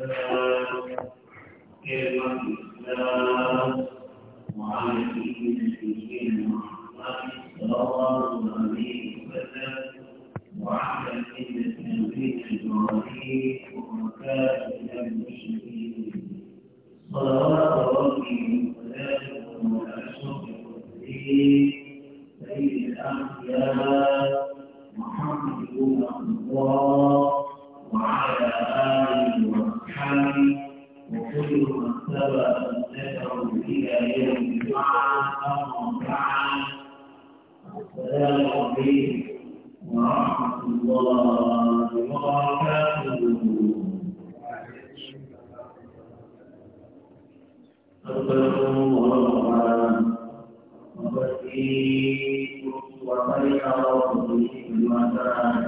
Um, and, آله وأصحابه وكل من سبق ذكره إلى يوم الجمعة أما بعد السلام عليكم ورحمة الله وبركاته أستغفر الله وبركاته وبركاته وبركاته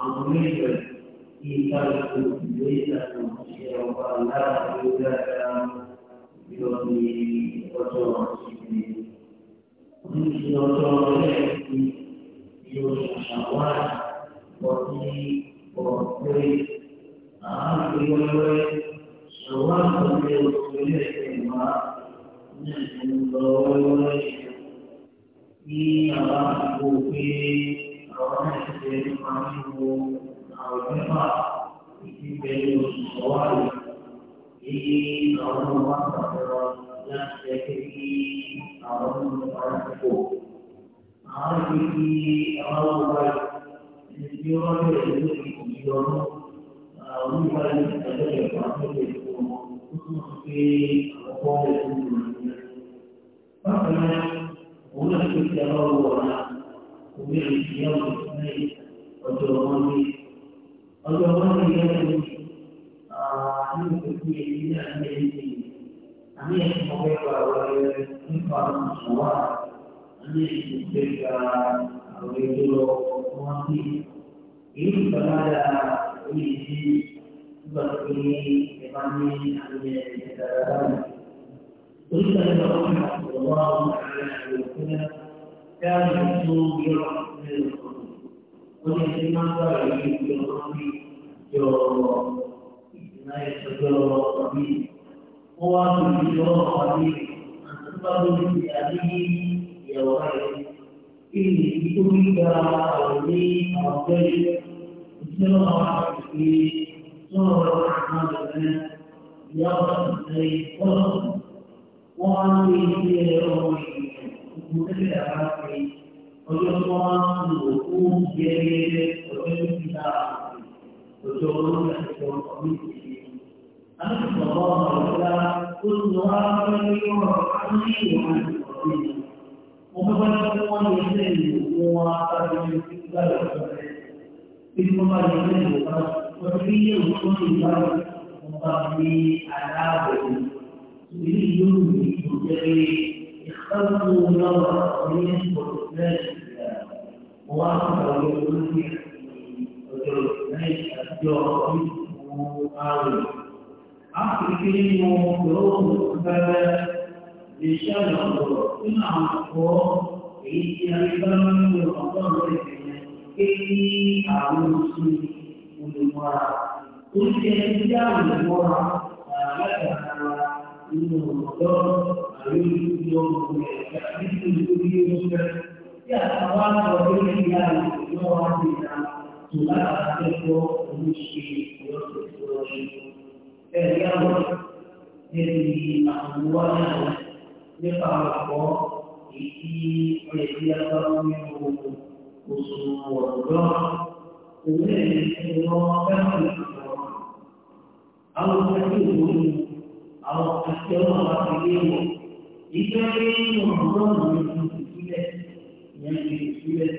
عميقا في خلق ليس مشيرا لا يدرك بوضعه وتوصيله ومثل توصيله يوسف شوال وفي وفي أعرف وفي شوال وفي وفي ما نحن ضروري في أعرف وفي àwọn ẹ̀ṣẹ̀ ìpamọ́ àwọn mẹ́fà ìdíbẹ̀ oṣù sọ́wárì èyí àwọn ọmọ àtàkùrọ̀ láti ẹgbẹ́ kí àwọn ọmọ àtàkùrọ̀ àwọn ẹgbẹ́ kí àwọn ọmọ ẹni tí ó wọ́n bẹ̀rẹ̀ lórí ìyọnu àwọn ọmọ ẹgbẹ́ ẹ̀kọ́ àtúntò ìfọ̀ ó tún sọ pé àwọn ọmọ ẹgbẹ́ ìlú rẹ̀ bákan náà òun náà ti fi àwọn ọmọ náà òmìnirí ní ọ̀sẹ̀ mẹ́rin ọjọ́ mọ́lẹ́ ọjọ́ mọ́lẹ́ yẹn ló ní nínú ìpínlẹ̀ yìí ní àmì ẹ̀yìn àmì ẹ̀yìn ọ̀gbẹ́ gba àwọn ẹ̀rẹ́ nípa ìṣòwò àmì ẹ̀yìn ọ̀gbẹ́ gba àwọn ẹ̀rẹ́ lọ wọ́n sí èyí ìgbàlára oníṣẹ́ nígbà tó ní ẹ̀fà ní àmì ẹ̀yìn كان يصوم من الخروج ومن ما قال في الربي يوم لا يستطيع الطبيب هو في يوم الطبيب أن تقبل بأبيه يومين إني أريد أولي أوجه بسم في سورة الرحمن الرحيم يوم الثاني وأنا في يومين gbogbo tẹ́lẹ̀ àbá pé ọjọ́ tó wá ń lò ó ń yẹ ọjọ́ tó ti dá ọjọ́ olóyè àti ọjọ́ méjì. Àwọn ìgbàgbọ́ ọ̀gá ó ń lọ wá pẹ́lú ọ̀rọ̀ àwọn ìwà ìgbàgbọ́ yìí. Mo fẹ́ bá tó wọ́n lè ṣe ìlú wọn àtàkùn ìgbà ìgbà rẹ̀. Bí mo bá lè ṣe ìlú wọn, wọ́n fi yé òkú ìgbà rẹ̀. Mo bá fi aláàbò ìlú yóò ní ìgbòkèrè خلقوا نظرة من قرآن وأخبر بالقرآن أخر كلمة يوم السبب لشأن الله إنهم أخوة èyí àríkà máa ń lo ọ̀pọ̀ rẹ̀ fẹ̀yẹ̀ kéèké àwọn oṣù olùmọ̀ra oṣù ẹni tí àwọn olùmọ̀ra àgbàgbà inú ọ̀dọ́ àwọn akẹ́kọ̀ọ́ àwọn akẹ́kọ̀ọ́ àwọn akẹ́kọ̀ọ́ ìjọ rí nínú ọgọ́rùn-ún ní oṣù sílẹ̀ ìyẹn ti oṣù sílẹ̀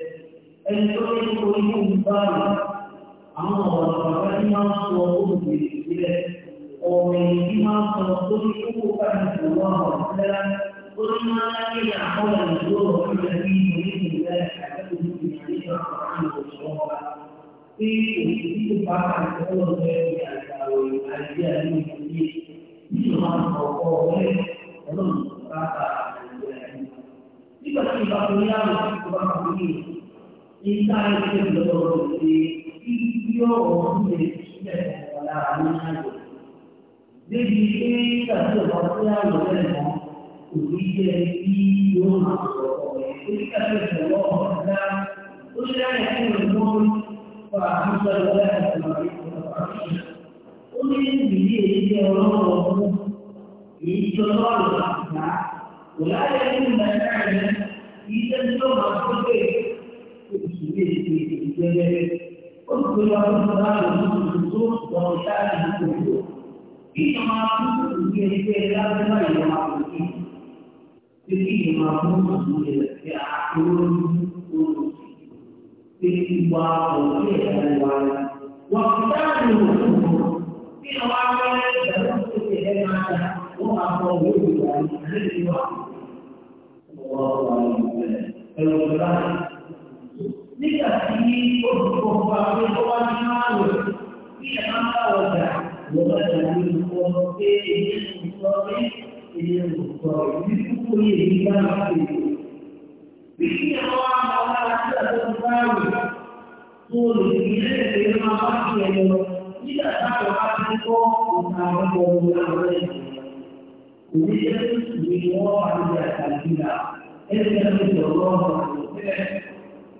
ẹni tó ní orí òun báyìí àwọn ọ̀rọ̀ bàbá tí máa ń sọ oṣù sílẹ̀ ọ̀rọ̀ èyí tí máa ń sọ lórí owó báyìí kò wá ọ̀rọ̀ sílẹ̀ ó ní máa ń rí àwọn ìlú ọ̀rọ̀ sílẹ̀ bí ìlú ìlú Kita itu betul-betul di video menjadi tidak pada anak Jadi kita sebenarnya mengenai ujian video masuk. Kita sebenarnya sudah yang mengenai paham saudara sebagai Ujian video orang itu orang tidak. Ulah yang mengenai kita juga masuk ke المسلمين في الجبل اذكر القرآن من الصوت وقتال الكفور فيما كنتم في الكتاب لا يعلمون فيما كنتم تعقلون في بعض الأحوال وقتال الكفور في أوامر تنصت إليها وأقوى بالله الذي الله عليه وسلم Item retrou por pape เพ ¸man indiamalè. I tem atra vezè. Mwen la jan li powë tope. störè biburè Bergpjulè tillè nou trò e. Bibi pou mirteан vekè. Bibi tè kayal çakkè nou tempyen layt optie ji. Bourat pi ztè Lenwa partien. I tem atra yo articon but nanjè kòp si ytè te krétjon. Ytè jint ki vine wò a la sajme benpo – gen an gayLet fonmen còp jou.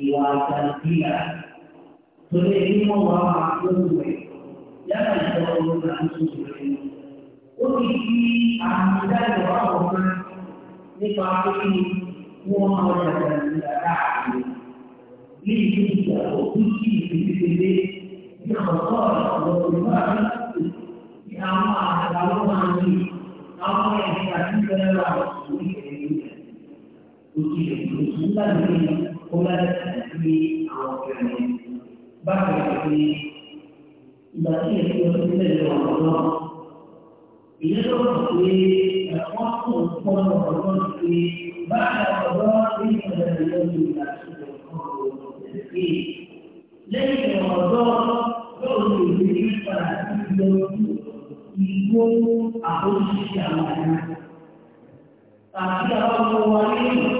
jiwa dan jiwa. Jadi ini Allah maksudnya. Jangan terlalu langsung seperti ini. Kutipi tanda doa Allah. Ini pasti ini. Muhammad dan tidak kaki. Ini juga kutipi di sini. Ini khasar Allah Tuhan. Ini amat kalau nanti. Apa yang kita tinggalkan Allah Tuhan. Kutipi itu sudah berlaku. kó má sí àwọn obìnrin bákan náà ni ìgbà tí èyí ló ti tẹ̀lé ọ̀rọ̀ náà ìyẹn tó kàn pé ẹ̀kọ́ tó ń pọ̀ lọ́wọ́ náà pé bákan ọ̀rọ̀ ní ìṣẹ̀lẹ̀ lọ́dún ìgbà tó ń pọ̀ lọ́wọ́ pé lẹ́yìn ọ̀dọ́ yóò lè rí nípa ìlọ ìgbó àkóṣiṣẹ́ àwọn àná. Tàbí àwọn ọmọ wa nínú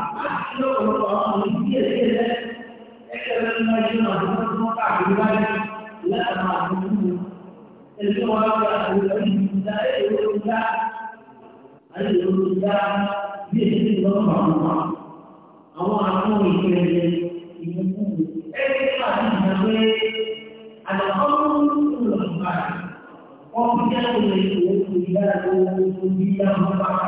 lọ́pọ̀lọpọ̀ àwọn àmì díẹ̀ díẹ̀ lẹ́ ẹgbẹ́ lẹ́nu náà yóò náà tó tó ká àgbèrè báyìí láti máa tó kú mu ẹgbẹ́ wọn á gba àgbèrè yìí dá èrò tó bí èyí ọmọ bàbá.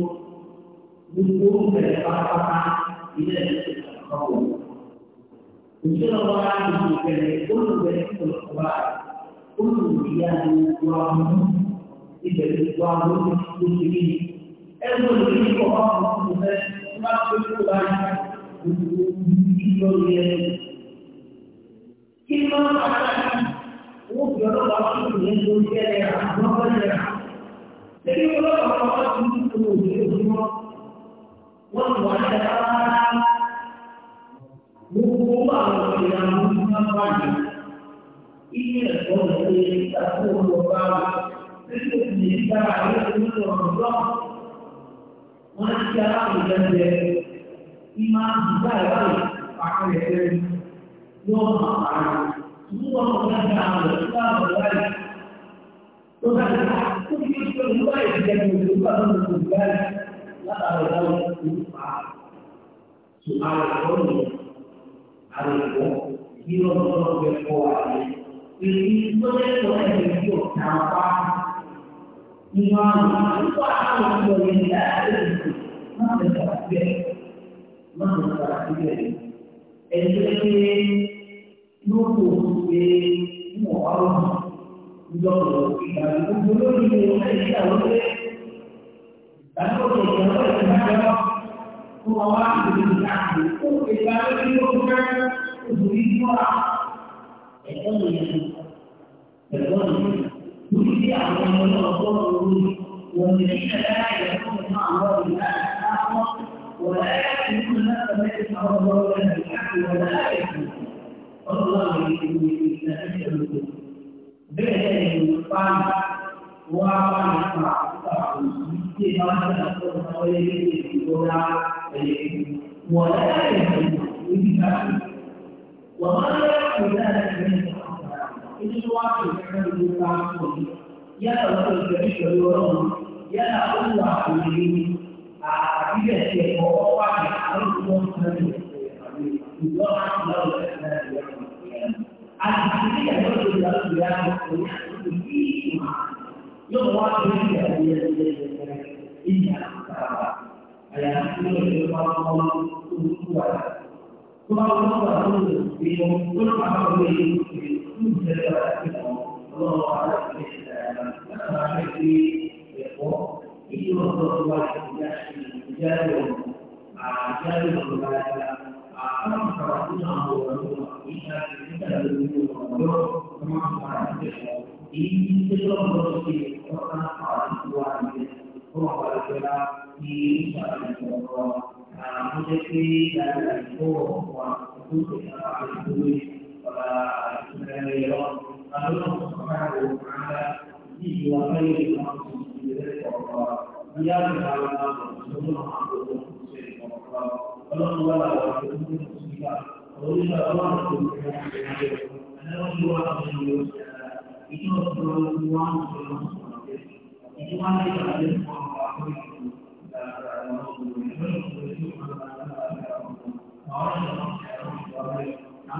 hukum dari fakta tidak diketahui. Insya Allah diberikan hukum dari keluar, kemudian uangmu diberi uangmu distribusi. Ilmu ini kok kita semua keluar distribusi. Kita akan Ujian waktu ini dunia yang apa ya? Jadi kalau orang-orang itu kemudian semua 我昨天晚上，我感冒了，有点鼻塞发炎。医院给我开的药，我吃了，这个病大概好了很多。我那天晚上，我感觉，今晚睡觉那里，感觉腰很疼，整个后背僵硬，不知道怎么回事。昨天晚上，我睡觉的时候，我感觉我肚子疼。kata orang yang suka suka lakon hari itu dia orang berkuat ini itu yang orang yang dia tanpa iman itu apa yang dia dari itu mana sahaja mana sahaja entri nunggu ini mau apa Jauh, kita itu dulu di Indonesia, فنقول الجمهور هذا هو واحد من الأحد إذا لم يكن تريد واحد الظلم الظلم تريد أن يكون والذين لا يكون مع الله الآن ولا يكون الناس التي أمر الله لها بالحق ولا يكون والله يكون إلا أجل بين القلب وقلب 他现在说：“他可可以，我来我们在这样子，就是就是也要学啊，多你这是看是嘛，以前啊，哎呀，那个时候光光做主管，光光做都是没有，不能拿到退休金，退休了也不多，除了玩一些呃，干点小生意也活。一个就是外面，家里，啊家里上班的，啊他们上班经常有人，一天一天的出去旅游，什么旅游，一一个东西，我跟他爸一块去。我感觉啦，以前那个啊，那些在成都啊，都吃得到的，呃，那个啊，很多四川人讲的，以前啊，可以吃那个火锅，你要是到成都的话，就吃不到火锅，很多味道。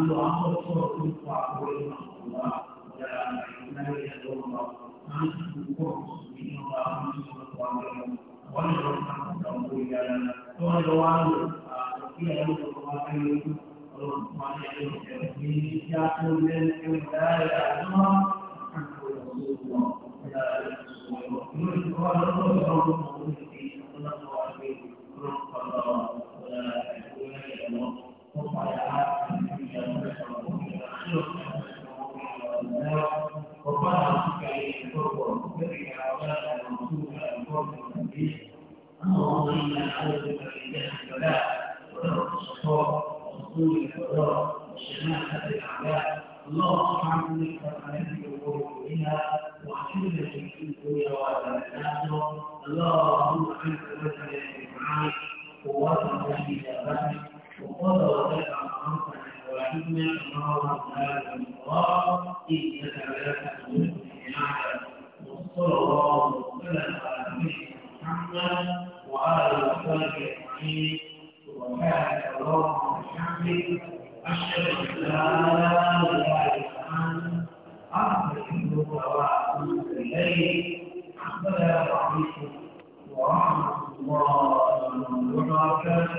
àlọ́ àwọn ọ̀ṣọ́ tó pa àwọn ọ̀ṣọ́ الله